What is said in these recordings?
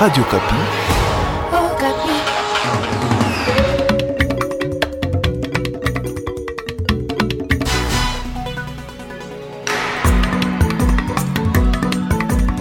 Radio Kapi. Oh, Kapi.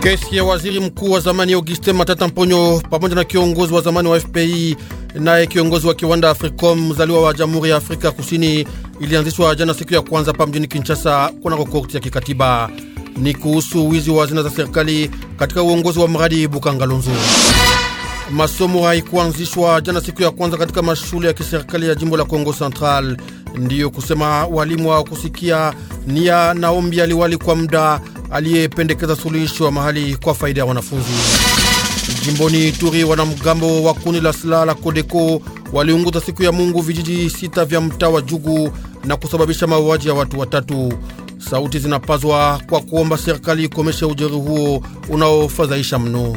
Kesi ya waziri mkuu wa zamani Auguste Matata Mponyo pamoja na kiongozi wa zamani wa FPI naye kiongozi wa kiwanda Africom mzaliwa wa Jamhuri ya Afrika Kusini ilianzishwa jana siku ya kwanza pa mjini Kinshasa kunako korti ya kikatiba ni kuhusu wizi wa hazina za serikali katika uongozi wa mradi Bukangalonzo. Masomo haikuanzishwa jana siku ya kwanza katika mashule ya kiserikali ya jimbo la Kongo Central, ndiyo kusema walimu kusikia nia na ombi aliwali kwa muda aliyependekeza suluhisho wa mahali kwa faida ya wanafunzi. Jimboni Ituri, wanamgambo wa kundi la silaha la Kodeko waliunguza siku ya Mungu vijiji sita vya mtaa wa Jugu na kusababisha mauaji ya watu watatu. Sauti zinapazwa kwa kuomba serikali ikomeshe ujeri huo unaofadhaisha mno.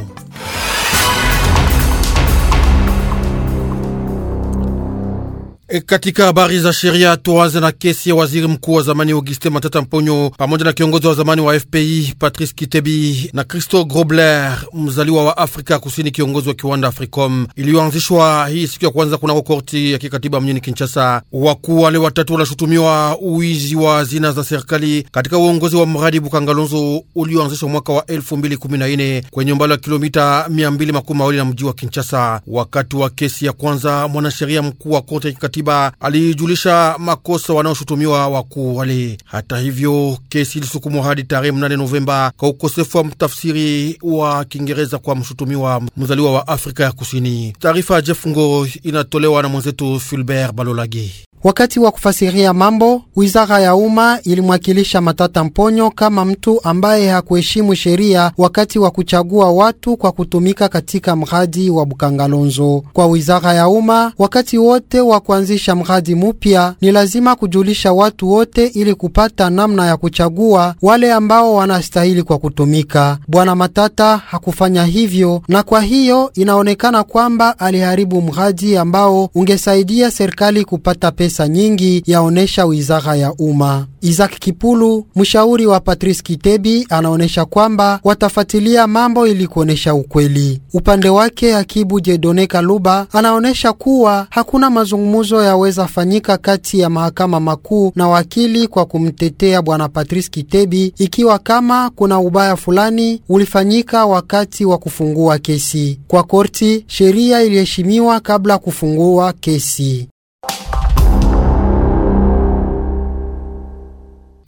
E, katika habari za sheria tuanze na kesi ya waziri mkuu wa zamani Auguste Matata Mponyo pamoja na kiongozi wa zamani wa FPI Patrice Kitebi na Christo Grobler mzaliwa wa Afrika Kusini, kiongozi wa kiwanda Africom iliyoanzishwa hii siku ya kwanza kunako korti ya kikatiba mjini Kinshasa. Wakuu wale watatu wanashutumiwa uwizi wa hazina za serikali katika uongozi wa mradi Bukangalonzo ulioanzishwa mwaka wa 2014 kwenye umbali wa kilomita 220 na mji wa Kinshasa. Wakati wa kesi ya kwanza mwanasheria mkuu wa korti ya kikatiba katiba aliijulisha makosa wanaoshutumiwa wakuu wale. Hata hivyo, kesi ilisukumwa hadi tarehe mnane Novemba kwa ukosefu wa mtafsiri wa Kiingereza kwa mshutumiwa mzaliwa wa Afrika ya Kusini. Taarifa ya Jefungo inatolewa na mwenzetu Fulbert Balolagi. Wakati wa kufasiria mambo, wizara ya umma ilimwakilisha Matata Mponyo kama mtu ambaye hakuheshimu sheria wakati wa kuchagua watu kwa kutumika katika mradi wa Bukangalonzo. Kwa wizara ya umma, wakati wote wa kuanzisha mradi mupya ni lazima kujulisha watu wote ili kupata namna ya kuchagua wale ambao wanastahili kwa kutumika. Bwana Matata hakufanya hivyo, na kwa hiyo inaonekana kwamba aliharibu mradi ambao ungesaidia serikali kupata pesa pesa nyingi, yaonesha wizara ya umma. Isaac Kipulu, mshauri wa Patrice Kitebi, anaonyesha kwamba watafuatilia mambo ili kuonesha ukweli. Upande wake, Akibu Jedone Kaluba anaonyesha kuwa hakuna mazungumzo yaweza fanyika kati ya mahakama makuu na wakili kwa kumtetea bwana Patrice Kitebi ikiwa kama kuna ubaya fulani ulifanyika wakati wa kufungua kesi. Kwa korti, sheria iliheshimiwa kabla kufungua kesi.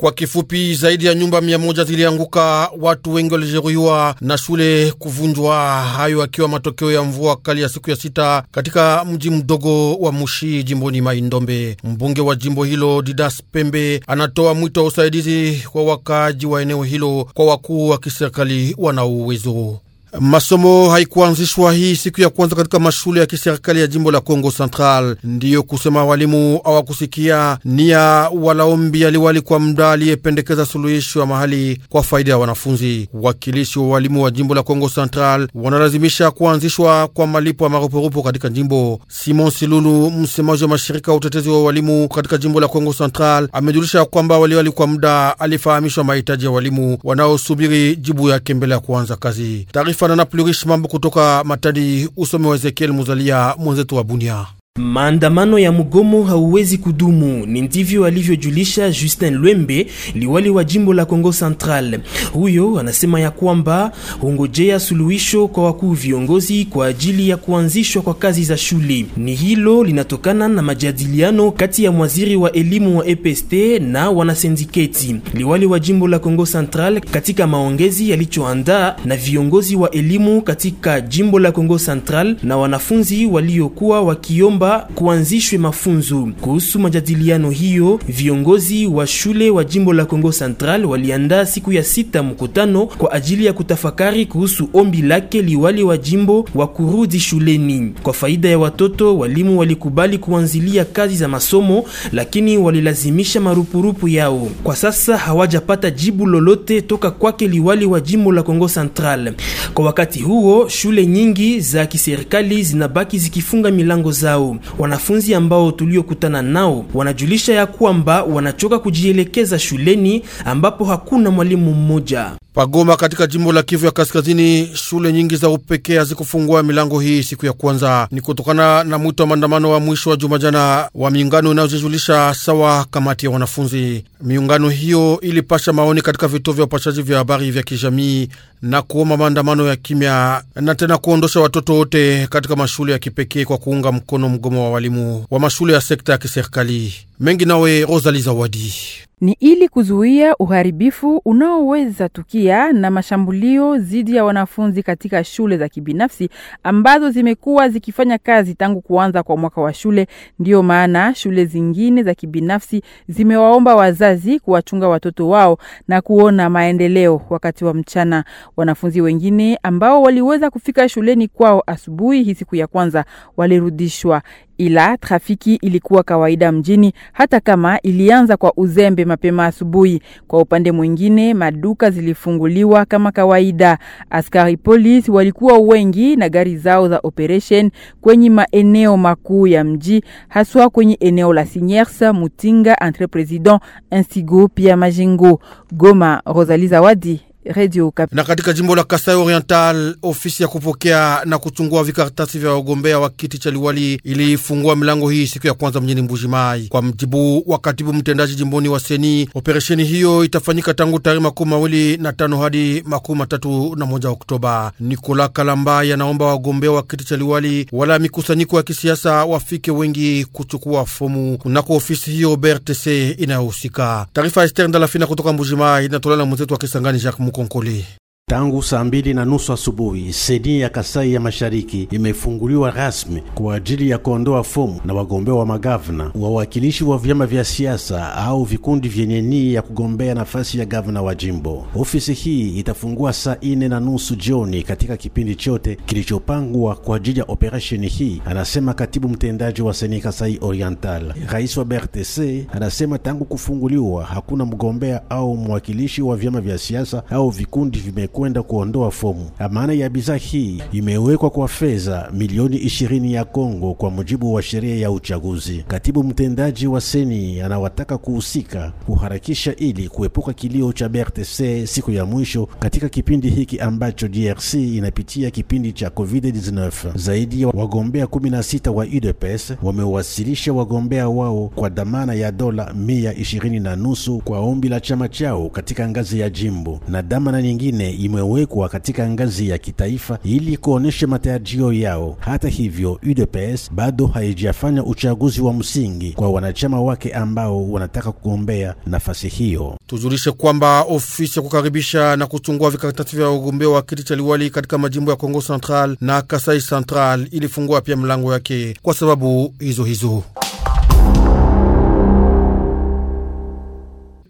Kwa kifupi, zaidi ya nyumba mia moja zilianguka, watu wengi walijeruhiwa na shule kuvunjwa, hayo akiwa matokeo ya mvua kali ya siku ya sita katika mji mdogo wa Mushi jimboni Maindombe. Mbunge wa jimbo hilo Didas Pembe anatoa mwito wa usaidizi kwa wakaaji wa eneo hilo kwa wakuu wa kiserikali wana uwezo. Masomo haikuanzishwa hii siku ya kwanza katika mashule ya kiserikali ya jimbo la congo Central. Ndiyo kusema walimu hawakusikia nia wala ombi aliwali kwa mda aliyependekeza suluhisho ya mahali kwa faida ya wanafunzi. Wakilishi wa walimu wa jimbo la congo Central wanalazimisha kuanzishwa kwa malipo ya marupurupu katika jimbo. Simon Silulu, msemaji wa mashirika ya utetezi wa walimu katika jimbo la congo Central, amejulisha kwamba waliwali kwa muda alifahamishwa mahitaji ya walimu wanaosubiri jibu yake mbele ya kuanza kazi Tarifa taarifa na plurish mambo kutoka Matadi. Usome wa Ezekiel Muzalia, mwenzetu wa Bunia. Maandamano ya mgomo hauwezi kudumu, ni ndivyo alivyojulisha Justin Lwembe, liwali wa jimbo la Kongo Central. Huyo anasema ya kwamba hungojea suluhisho kwa wakuu viongozi kwa ajili ya kuanzishwa kwa kazi za shule. Ni hilo linatokana na majadiliano kati ya mwaziri wa elimu wa EPST na wanasindiketi. Liwali wa jimbo la Kongo Central katika maongezi yalichoandaa na viongozi wa elimu katika jimbo la Kongo Central na wanafunzi waliokuwa wakiomba kwamba kuanzishwe mafunzo kuhusu majadiliano hiyo. Viongozi wa shule wa jimbo la Kongo Central waliandaa siku ya sita mkutano kwa ajili ya kutafakari kuhusu ombi lake liwali wa jimbo wa kurudi shuleni kwa faida ya watoto. Walimu walikubali kuanzilia kazi za masomo, lakini walilazimisha marupurupu yao. Kwa sasa hawajapata jibu lolote toka kwake liwali wa jimbo la Kongo Central. Kwa wakati huo, shule nyingi za kiserikali zinabaki zikifunga milango zao. Wanafunzi ambao tuliokutana nao wanajulisha ya kwamba wanachoka kujielekeza shuleni ambapo hakuna mwalimu mmoja. Pagoma katika jimbo la Kivu ya Kaskazini, shule nyingi za upekee hazikufungua milango hii siku ya kwanza. Ni kutokana na mwito wa maandamano wa mwisho wa juma jana wa miungano inayojijulisha sawa kamati ya wanafunzi. Miungano hiyo ilipasha maoni katika vituo vya upashaji vya habari vya kijamii na kuomba maandamano ya kimya na tena kuondosha watoto wote katika mashule ya kipekee kwa kuunga mkono mgomo wa walimu wa mashule ya sekta ya kiserikali mengi nawe Rosali Zawadi ni ili kuzuia uharibifu unaoweza tukia na mashambulio dhidi ya wanafunzi katika shule za kibinafsi ambazo zimekuwa zikifanya kazi tangu kuanza kwa mwaka wa shule. Ndiyo maana shule zingine za kibinafsi zimewaomba wazazi kuwachunga watoto wao na kuona maendeleo wakati wa mchana. Wanafunzi wengine ambao waliweza kufika shuleni kwao asubuhi hii siku ya kwanza walirudishwa ila trafiki ilikuwa kawaida mjini hata kama ilianza kwa uzembe mapema asubuhi. Kwa upande mwingine, maduka zilifunguliwa kama kawaida. Askari polisi walikuwa wengi na gari zao za operation kwenye maeneo makuu ya mji, haswa kwenye eneo la Signers, Mutinga, Entre President, Insigo pia majingo Goma, Rosalie Zawadi, Radio Kap. Na katika jimbo la Kasai Oriental, ofisi ya kupokea na kuchungua vikaratasi vya wagombea wa kiti cha liwali ilifungua milango hii siku ya kwanza mjini Mbuji Mai. Kwa mjibu wa katibu mtendaji jimboni wa Seni, operesheni hiyo itafanyika tangu tarehe makumi mawili na tano hadi makumi matatu na moja Oktoba. Nikola kalamba anaomba wagombea wa kiti cha liwali wala mikusanyiko ya kisiasa wafike wengi kuchukua fomu kunako ofisi hiyo BRTC inayohusika. Taarifa ya Ester Ndalafina kutoka Mbuji Mai inatolewa na mwenzetu wa Kisangani Jacques concourir. Tangu saa mbili na nusu asubuhi seni ya Kasai ya Mashariki imefunguliwa rasmi kwa ajili ya kuondoa fomu na wagombea wa magavana, wawakilishi wa vyama vya siasa au vikundi vyenye nia ya kugombea nafasi ya gavana wa jimbo. Ofisi hii itafungua saa ine na nusu jioni katika kipindi chote kilichopangwa kwa ajili ya operesheni hii, anasema katibu mtendaji wa seni Kasai Oriental. Rais wa BRTC anasema tangu kufunguliwa hakuna mgombea au mwakilishi wa vyama vya siasa au vikundi vime kwenda kuondoa fomu. Amana ah, ya bidhaa hii imewekwa kwa fedha milioni ishirini ya Kongo kwa mujibu wa sheria ya uchaguzi. Katibu mtendaji wa seni anawataka kuhusika kuharakisha ili kuepuka kilio cha BRTC siku ya mwisho katika kipindi hiki ambacho DRC inapitia kipindi cha COVID-19. Zaidi ya wagombea 16 wa UDPS wamewasilisha wagombea wao kwa dhamana ya dola mia ishirini na nusu kwa ombi la chama chao katika ngazi ya jimbo na dhamana nyingine imewekwa katika ngazi ya kitaifa ili kuonesha matarajio yao. Hata hivyo, UDPS bado haijafanya uchaguzi wa msingi kwa wanachama wake ambao wanataka kugombea nafasi hiyo. Tujulishe kwamba ofisi ya kukaribisha na kuchungua vikaratasi vya ugombea wa kiti cha liwali katika majimbo ya Kongo Central na Kasai Central ilifungua pia mlango yake kwa sababu hizo hizo.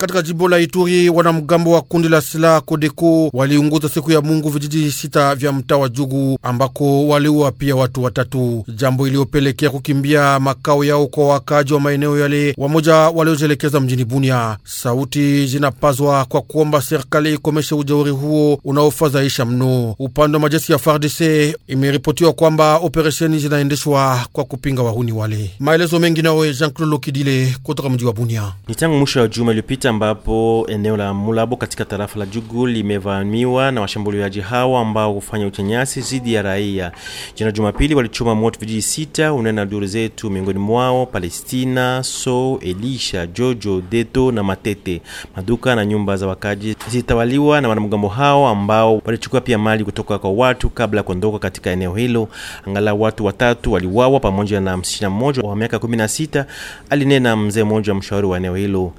katika jimbo la Ituri, wanamgambo wa kundi la silaha Kodeko waliunguza siku ya Mungu vijiji sita vya mtaa wa Jugu ambako waliua pia watu watatu, jambo iliyopelekea kukimbia makao yao kwa wakaaji wa maeneo yale, wamoja waliojelekeza mjini Bunia. Sauti zinapazwa kwa kuomba serikali ikomeshe ujeuri huo unaofadhaisha mno. Upande wa majeshi ya FARDC imeripotiwa kwamba operesheni zinaendeshwa kwa kupinga wahuni wale. Maelezo mengi nawe Jean Claude Lokidile kutoka mji wa Bunia. Ni tangu mwisho wa juma iliyopita ambapo eneo la Mulabo katika tarafa la Jugu limevamiwa na washambuliaji hao ambao hufanya uchenyasi dhidi ya raia. Jana Jumapili walichoma moto vijiji sita, unena duru zetu, miongoni mwao Palestina, So, Elisha, Jojo, Deto na Matete. Maduka na nyumba za wakaji zilitawaliwa na wanamgambo hao ambao walichukua pia mali kutoka kwa watu kabla ya kuondoka katika eneo hilo. Angalau watu watatu waliuawa pamoja na msichana mmoja wa miaka 16, alinena mzee mmoja mshauri wa eneo hilo.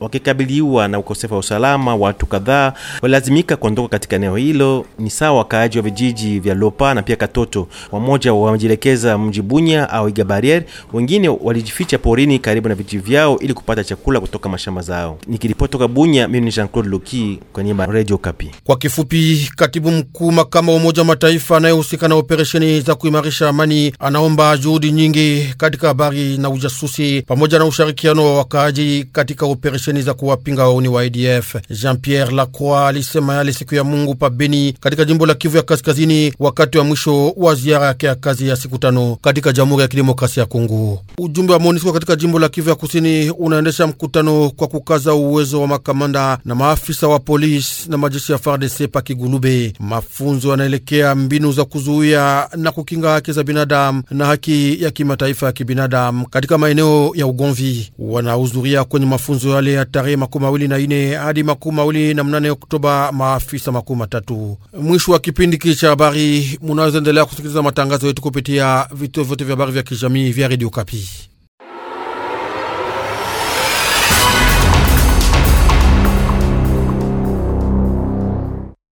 Wakikabiliwa na ukosefu wa usalama, watu kadhaa walazimika kuondoka katika eneo hilo, ni sawa wakaaji wa vijiji vya Lopa na pia Katoto. Wamoja wamejielekeza mji Bunya au Iga Barriere, wengine walijificha porini karibu na vijiji vyao ili kupata chakula kutoka mashamba zao. Nikiripoti kutoka Bunya, mimi ni Jean-Claude Luki kwenye Radio Kapi. Kwa kifupi, katibu mkuu makama wa Umoja wa Mataifa anayehusika na operesheni za kuimarisha amani anaomba juhudi nyingi katika habari na ujasusi pamoja na ushirikiano wa wakaaji katika operesheni operesheni za kuwapinga wauni wa ADF. Jean-Pierre Lacroix alisema yale siku ya Mungu pabeni katika jimbo la Kivu ya Kaskazini wakati wa mwisho wa ziara yake ya kazi ya siku tano katika Jamhuri ya Kidemokrasia ya Kongo. Ujumbe wa MONUSCO katika jimbo la Kivu ya Kusini unaendesha mkutano kwa kukaza uwezo wa makamanda na maafisa wa polisi na majeshi ya FARDC pa Kigulube. Mafunzo yanaelekea mbinu za kuzuia na kukinga haki za binadamu na haki ya kimataifa ya kibinadamu katika maeneo ya ugomvi. Wanahudhuria kwenye mafunzo yale ya tarehe makumi mawili na ine hadi makumi mawili na mnane Oktoba, maafisa makumi matatu. Mwisho wa kipindi ki cha habari, munaweza endelea kusikiliza matangazo yetu kupitia vituo vyote vya habari vya kijamii vya redio Kapi.